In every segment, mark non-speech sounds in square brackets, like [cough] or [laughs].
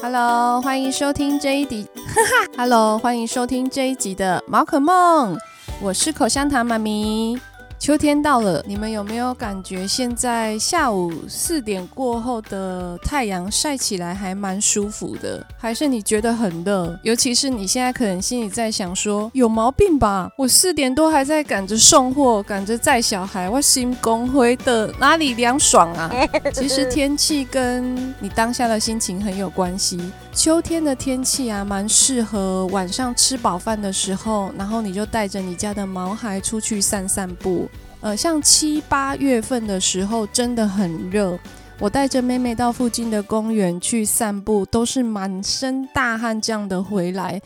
哈嘍，Hello, 歡迎收聽這一集。哈哈，哈嘍，歡迎收聽這一集的《毛可夢》，我是口香糖媽咪。秋天到了，你們有沒有感覺現在下午四點過後的太陽曬起來還蠻舒服的？還是你覺得很熱？尤其是你現在可能心裡在想說，有毛病吧？我四點多還在趕着送貨，趕着載小孩，我心光輝的，哪裡涼爽啊？其實天氣跟你當下的心情很有關係。秋天的天氣啊，蠻適合晚上吃飽飯的時候，然後你就帶着你家的毛孩出去散散步。呃，像七八月份的時候真的很熱，我帶着妹妹到附近的公園去散步，都是滿身大汗這樣的回來。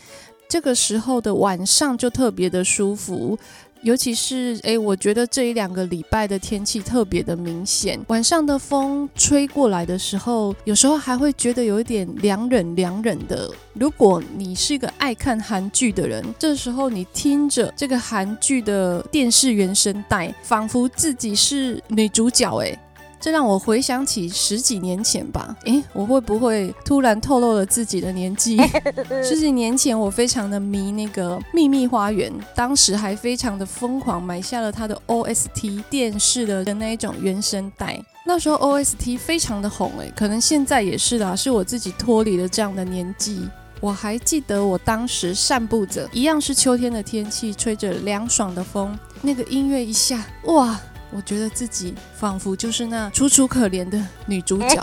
這個時候的晚上就特別的舒服。尤其是哎、欸，我覺得這一兩個禮拜的天氣特別的明顯，晚上的風吹過來的時候，有時候還會覺得有一點涼忍涼忍的。如果你是一個愛看韓劇的人，這時候你聽着這個韓劇的電視原聲帶，仿佛自己是女主角哎、欸。這讓我回想起十幾年前吧，誒，我會不會突然透露了自己的年紀？ [laughs] 十幾年前，我非常的迷那個《秘密花園》，當時還非常的瘋狂，買下了它的 OST 電視的的那一種原聲帶。那時候 OST 非常的紅，欸，誒，可能現在也是啦。是我自己脫離了這樣的年紀。我還記得我當時散步着，一樣是秋天的天氣，吹着涼爽的風，那個音樂一下，哇！我覺得自己仿佛就是那楚楚可憐的女主角。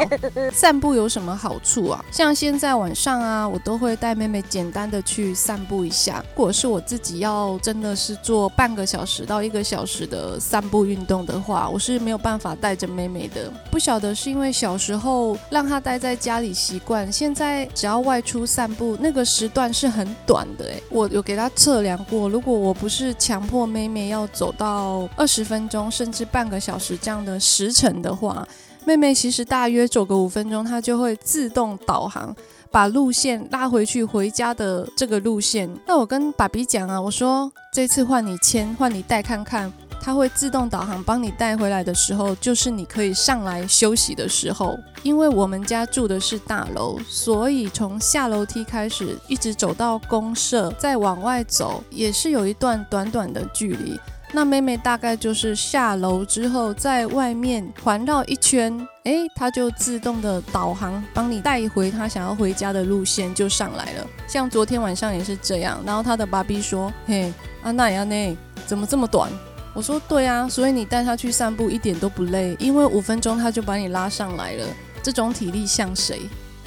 散步有什麼好處啊？像現在晚上啊，我都會帶妹妹簡單的去散步一下。如果是我自己要真的是做半個小時到一個小時的散步運動的話，我是沒有辦法帶着妹妹的。不曉得是因為小時候讓她待在家裡習慣，現在只要外出散步，那個時段是很短的欸。誒，我有給她測量過，如果我不是強迫妹妹要走到二十分鐘，甚至。半個小時這樣的時辰的話，妹妹其實大約走個五分鐘，她就會自動導航，把路線拉回去回家的這個路線。那我跟爸比講啊，我說，這次換你牽，換你帶看看，她會自動導航幫你帶回來的時候，就是你可以上來休息的時候。因為我們家住的是大樓，所以從下樓梯開始，一直走到公社，再往外走，也是有一段短短的距離。那妹妹大概就是下樓之後，在外面環繞一圈，誒、欸，它就自動的導航，幫你帶回她想要回家的路線就上來了。像昨天晚上也是這樣，然後她的爸比說：“嘿，阿奈阿奈，怎麼這麼短？”我說：“對啊，所以你帶它去散步一點都不累，因為五分鐘它就把你拉上來了。這種體力像誰？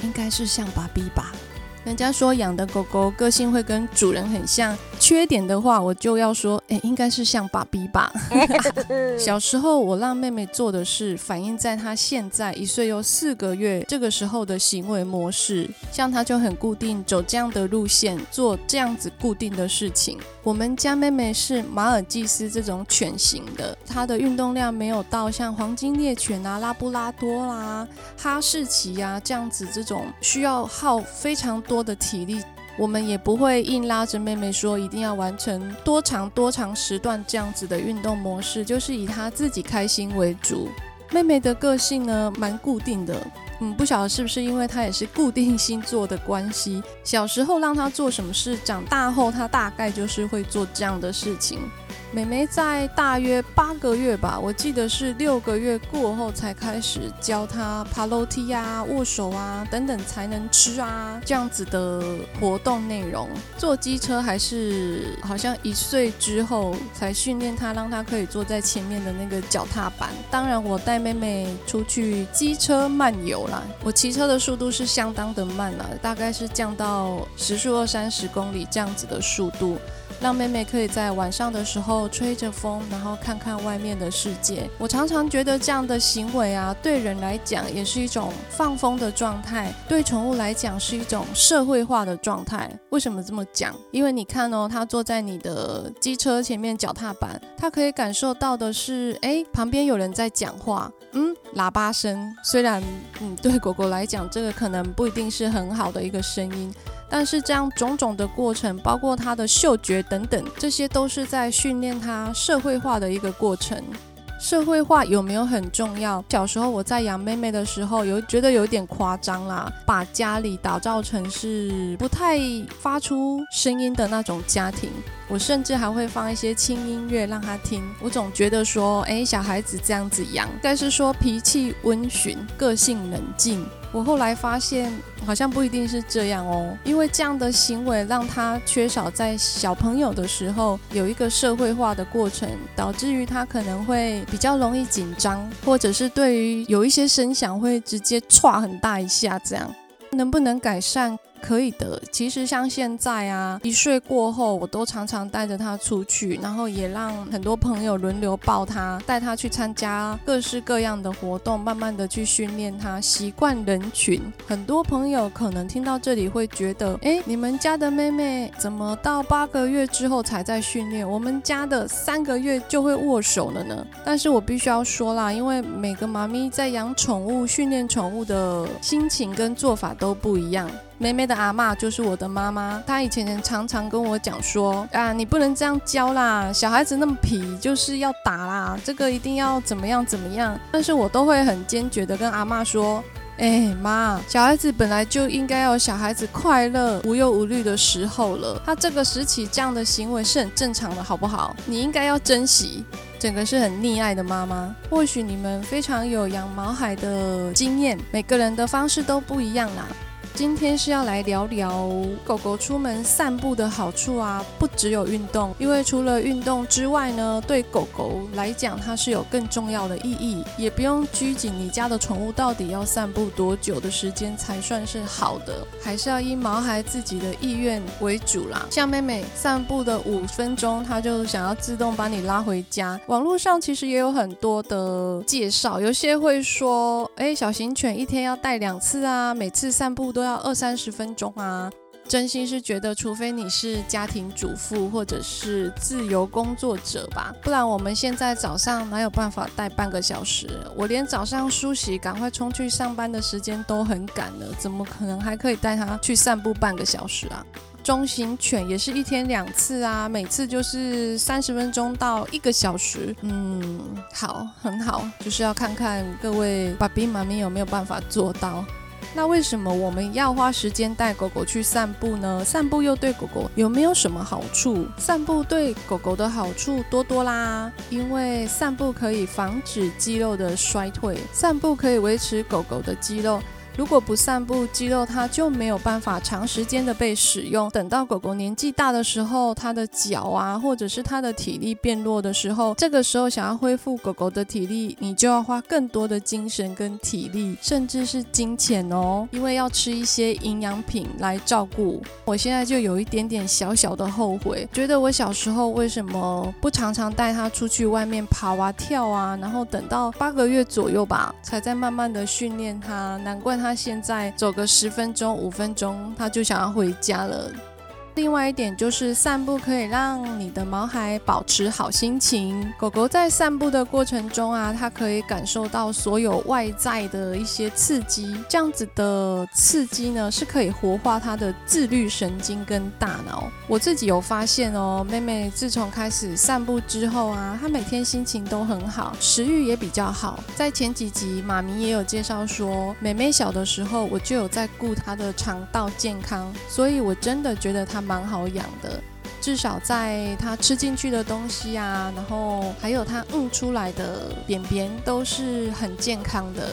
應該是像爸比吧？人家說養的狗狗個性會跟主人很像。”缺點的話，我就要說，哎、欸，應該是像爸比吧。 [laughs] 小時候我讓妹妹做的事，反映在她現在一歲又四個月這個時候的行為模式，像她就很固定走這樣的路線，做這樣子固定的事情。我們家妹妹是馬爾濟斯這種犬型的，它的運動量沒有到像黃金獵犬啊、拉布拉多啦、啊、哈士奇呀、啊、這樣子這種需要耗非常多的體力。我們也不會硬拉着妹妹說一定要完成多長多長時段這樣子的運動模式，就是以她自己開心為主。妹妹的個性呢，蠻固定的，嗯，不曉得是不是因為她也是固定星座的關係，小時候讓她做什麼事，長大後她大概就是會做這樣的事情。妹妹在大約八個月吧，我記得是六個月過後才開始教她爬樓梯啊、握手啊等等才能吃啊這樣子的活動內容。坐機車還是好像一歲之後才訓練她，讓她可以坐在前面的那個腳踏板。當然，我帶妹妹出去機車漫遊啦。我騎車的速度是相當的慢啦，大概是降到時速二三十公里這樣子的速度。讓妹妹可以在晚上的時候吹着風，然後看看外面的世界。我常常覺得這樣的行為啊，對人來講也是一種放風的狀態，對寵物來講是一種社會化的狀態。為什麼這麼講？因為你看哦，它坐在你的機車前面腳踏板，它可以感受到的是，誒，旁邊有人在講話，嗯，喇叭聲。雖然嗯，對狗狗來講，這個可能不一定是很好的一個聲音。但是這樣種種的過程，包括他的嗅覺等等，這些都是在訓練他社會化的一個過程。社會化有沒有很重要？小時候我在養妹妹的時候，有覺得有點誇張啦，把家裡打造成是不太發出聲音的那種家庭，我甚至還會放一些輕音樂讓她聽。我總覺得說，誒，小孩子這樣子養，但是說脾氣溫馴，個性冷靜。我後來發現，好像不一定是這樣哦，因為這樣的行為讓他缺少在小朋友的時候有一個社會化的過程，導致於他可能會比較容易緊張，或者是對於有一些聲響會直接歘很大一下這樣。能不能改善？可以的。其實像現在啊，一歲過後，我都常常帶着他出去，然後也讓很多朋友輪流抱他，帶他去參加各式各樣的活動，慢慢的去訓練他習慣人群。很多朋友可能聽到這裡會覺得，哎，你們家的妹妹怎麼到八個月之後才在訓練？我們家的三個月就會握手了呢？但是我必須要說啦，因為每個媽咪在養寵物、訓練寵物的心情跟做法都都不一樣。妹妹的阿嬤就是我的媽媽，她以前常常跟我講說：“啊，你不能這樣教啦，小孩子那麼皮，就是要打啦，這個一定要怎麼樣怎麼樣。”但是我都會很堅決的跟阿嬤說：“欸，媽，小孩子本來就應該要有小孩子快樂無憂無慮的時候了，他這個時期這樣的行為是很正常的，好不好？你應該要珍惜。”整個是很溺愛的媽媽，或許你們非常有養毛孩的經驗，每個人的方式都不一樣啦。今天是要來聊聊狗狗出門散步的好處啊，不只有運動，因為除了運動之外呢，對狗狗來講它是有更重要的意義。也不用拘謹你家的寵物到底要散步多久的時間才算是好的，還是要以毛孩自己的意願為主啦。像妹妹散步的五分鐘，它就想要自動把你拉回家。網絡上其實也有很多的介紹，有些會說。誒，小型犬一天要帶兩次啊，每次散步都要二三十分鐘啊。真心是覺得，除非你是家庭主婦或者是自由工作者吧，不然我們現在早上哪有辦法帶半個小時？我連早上梳洗、趕快衝去上班的時間都很趕了，怎麼可能還可以帶它去散步半個小時啊？中型犬也是一天兩次啊，每次就是三十分鐘到一個小時。嗯，好，很好，就是要看看各位爸比、媽咪有沒有辦法做到。那為什麼我們要花時間帶狗狗去散步呢？散步又對狗狗有沒有什麼好處？散步對狗狗的好處多多啦，因為散步可以防止肌肉的衰退，散步可以維持狗狗的肌肉。如果不散步，肌肉它就沒有辦法長時間的被使用。等到狗狗年紀大的時候，它的腳啊，或者是它的體力變弱的時候，這個時候想要恢復狗狗的體力，你就要花更多的精神跟體力，甚至是金錢哦，因為要吃一些營養品來照顧。我現在就有一點點小小的後悔，覺得我小時候為什麼不常常帶它出去外面跑啊、跳啊，然後等到八個月左右吧，才在慢慢的訓練它，難怪。他現在走個十分鐘、五分鐘，他就想要回家了。另外一點就是散步可以讓你的毛孩保持好心情。狗狗在散步的過程中啊，它可以感受到所有外在的一些刺激，這樣子的刺激呢是可以活化它的自律神經跟大腦。我自己有發現哦，妹妹自從開始散步之後啊，她每天心情都很好，食慾也比較好。在前幾集，媽咪也有介紹說，妹妹小的時候我就有在顧她的腸道健康，所以我真的覺得她。蠻好養的，至少在它吃進去的東西啊，然後還有它嗯出來的便便都是很健康的，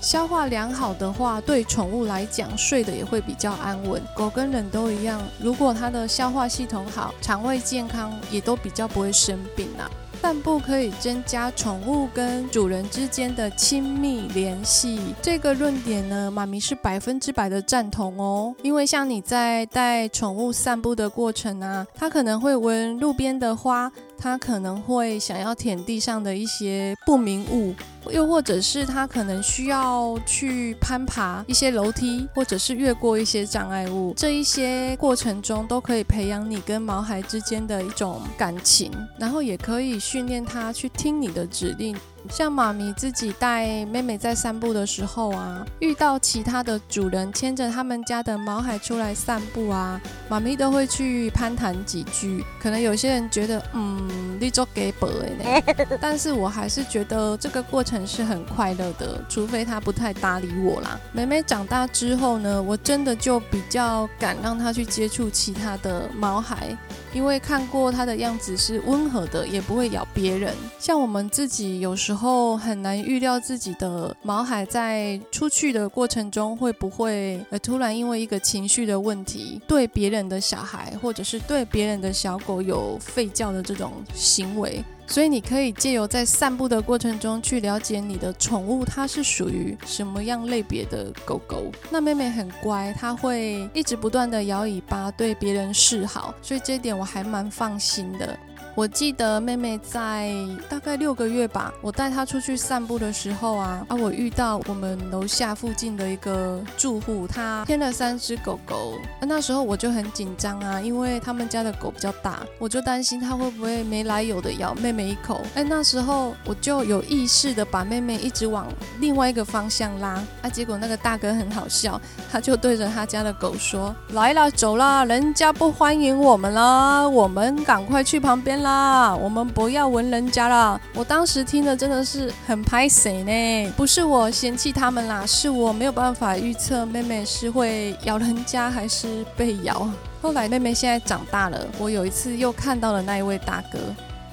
消化良好的話，對寵物來講睡得也會比較安穩。狗跟人都一樣，如果它的消化系統好，腸胃健康，也都比較不會生病啦、啊。散步可以增加寵物跟主人之間的親密聯繫，這個論點呢，媽咪是百分之百的贊同哦。因為像你在帶寵物散步的過程啊，它可能會聞路邊的花，它可能會想要舔地上的一些不明物。又或者是他可能需要去攀爬一些樓梯，或者是越過一些障礙物，這一些過程中都可以培養你跟毛孩之間的一種感情，然後也可以訓練他去聽你的指令。像媽咪自己帶妹妹在散步的時候啊，遇到其他的主人牽着他們家的毛孩出來散步啊，媽咪都會去攀談幾句。可能有些人覺得，嗯，你很假掰耶，但是我還是覺得這個過程是很快樂的，除非他不太搭理我啦。妹妹長大之後呢，我真的就比較敢讓她去接觸其他的毛孩。因為看過它的樣子是溫和的，也不會咬別人。像我們自己有時候很難預料自己的毛孩在出去的過程中會不會呃突然，因為一個情緒的問題，對別人的小孩或者是對別人的小狗有吠叫的這種行為。所以你可以借由在散步的過程中去了解你的寵物，它是屬於什麼樣類別的狗狗。那妹妹很乖，它會一直不斷的搖尾巴對別人示好，所以這點我還蠻放心的。我記得妹妹在大概六個月吧，我帶她出去散步的時候啊啊，我遇到我們樓下附近的一個住戶，他添了三隻狗狗，啊。那時候我就很緊張啊，因為他們家的狗比較大，我就擔心它會不會沒來由的咬妹妹一口。哎，啊，那時候我就有意識的把妹妹一直往另外一個方向拉。啊，結果那個大哥很好笑，他就對着他家的狗說：“來啦，走啦，人家不歡迎我們啦，我們趕快去旁邊。”啦，我們不要聞人家啦。我當時聽的真的是很拍謝呢，不是我嫌棄他們啦，是我沒有辦法預測妹妹是會咬人家還是被咬。後來妹妹現在長大了，我有一次又看到了那一位大哥，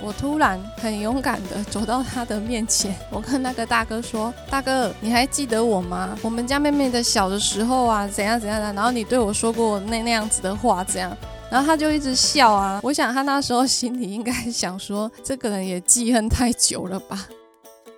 我突然很勇敢地走到他的面前，我跟那個大哥說：“大哥，你還記得我嗎？我們家妹妹的小的時候啊，怎樣怎樣，然後你對我說過那那樣子的話，這樣。”然後他就一直笑啊，我想他那時候心裡應該想說，這個人也記恨太久了吧？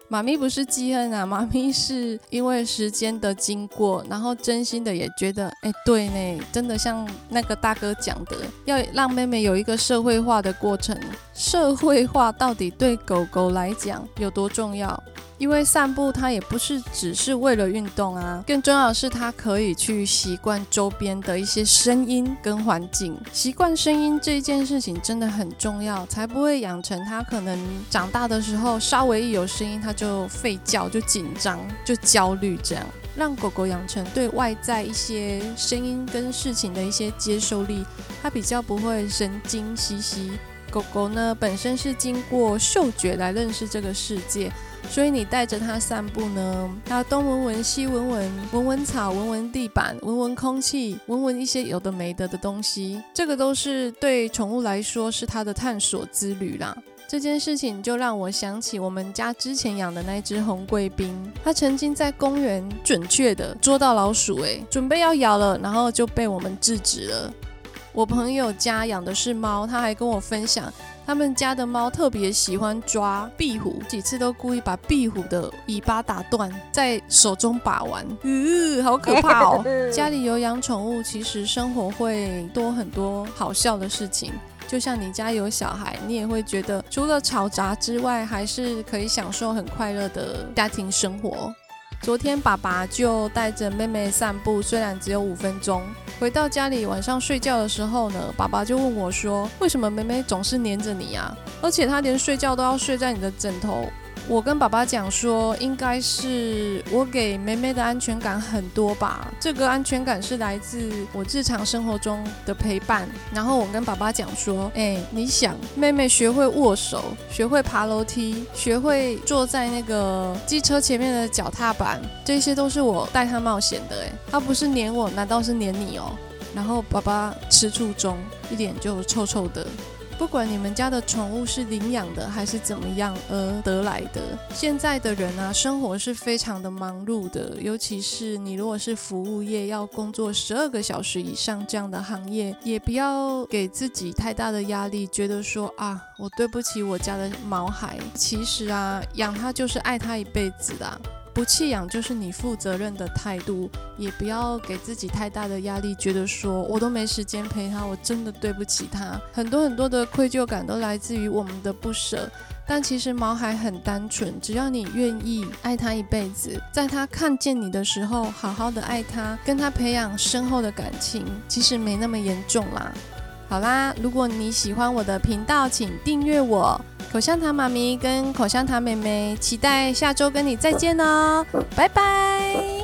媽咪不是記恨啊，媽咪是因為時間的經過，然後真心的也覺得，哎，對咧，真的像那個大哥講的，要讓妹妹有一個社會化的過程。社會化到底對狗狗來講有多重要？因為散步它也不是只是為了運動啊，更重要的是它可以去習慣周邊的一些聲音跟環境。習慣聲音這件事情真的很重要，才不會養成它可能長大的時候稍微一有聲音它就吠叫、就緊張、就焦慮這樣。讓狗狗養成對外在一些聲音跟事情的一些接受力，它比較不會神經兮兮。狗狗呢，本身是經過嗅覺來認識這個世界，所以你帶着它散步呢，它東聞聞、西聞聞、聞聞草、聞聞地板、聞聞空氣、聞聞一些有的沒得的的東西，這個都是對寵物來說是它的探索之旅啦。這件事情就讓我想起我們家之前養的那隻紅貴賓，它曾經在公園準確地捉到老鼠，欸，哎，準備要咬了，然後就被我們制止了。我朋友家養的是貓，他還跟我分享，他們家的貓特別喜歡抓壁虎，幾次都故意把壁虎的尾巴打斷，在手中把玩，嗯、呃，好可怕哦。 [laughs] 家裡有養寵物，其實生活會多很多好笑的事情。就像你家有小孩，你也會覺得除了吵雜之外，還是可以享受很快樂的家庭生活。昨天爸爸就帶着妹妹散步，雖然只有五分鐘。回到家裡，晚上睡覺的時候呢，爸爸就問我說：“為什麼妹妹總是粘着你啊？而且她連睡覺都要睡在你的枕頭。”我跟爸爸講說，應該是我給妹妹的安全感很多吧。這個安全感是來自我日常生活中的陪伴。然後我跟爸爸講說，哎、欸，你想，妹妹學會握手，學會爬樓梯，學會坐在那個機車前面的腳踏板，這些都是我帶她冒險的、欸。哎，她不是黏我，難道是黏你哦？然後爸爸吃醋中，一臉就臭臭的。不管你們家的寵物是領養的還是怎麼樣而得來的，現在的人啊，生活是非常的忙碌的，尤其是你如果是服務業，要工作十二個小時以上這樣的行業，也不要給自己太大的壓力，覺得說啊，我對不起我家的毛孩。其實啊，養它就是愛它一輩子的啊。不棄養就是你負責任的態度，也不要給自己太大的壓力，覺得說我都沒時間陪他，我真的對不起他。很多很多的愧疚感都來自於我們的不捨，但其實毛孩很單純，只要你願意愛它一輩子，在它看見你的時候，好好的愛它，跟它培養深厚的感情，其實沒那麼嚴重啦。好啦，如果你喜歡我的頻道，請訂閱我。口香糖媽咪跟口香糖妹妹，期待下週跟你再見哦，拜拜。